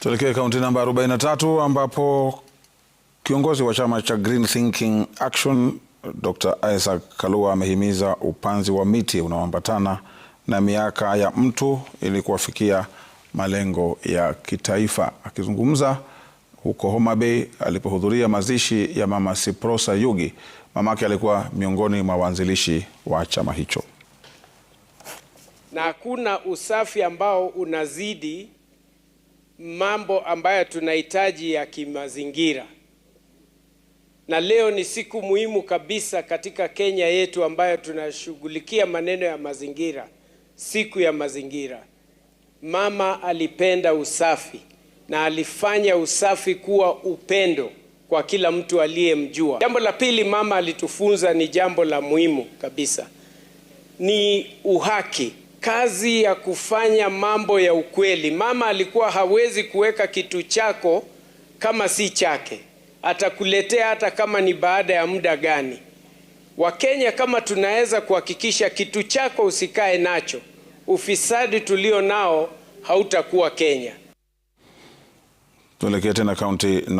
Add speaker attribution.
Speaker 1: Tuelekee kaunti namba 43 ambapo kiongozi wa chama cha Green Thinking Action Dr. Isaac Kalua amehimiza upanzi wa miti unaoambatana na miaka ya mtu ili kuwafikia malengo ya kitaifa. Akizungumza huko Homa Bay alipohudhuria mazishi ya Mama Siprosa Yugi, mamake alikuwa miongoni mwa waanzilishi wa chama hicho.
Speaker 2: Na hakuna usafi ambao unazidi mambo ambayo tunahitaji ya kimazingira, na leo ni siku muhimu kabisa katika Kenya yetu ambayo tunashughulikia maneno ya mazingira, siku ya mazingira. Mama alipenda usafi na alifanya usafi kuwa upendo kwa kila mtu aliyemjua. Jambo la pili mama alitufunza, ni jambo la muhimu kabisa, ni uhaki kazi ya kufanya mambo ya ukweli. Mama alikuwa hawezi kuweka kitu chako kama si chake, atakuletea hata kama ni baada ya muda gani. Wakenya kama tunaweza kuhakikisha kitu chako usikae nacho, ufisadi tulio nao hautakuwa Kenya. Tuelekee tena kaunti na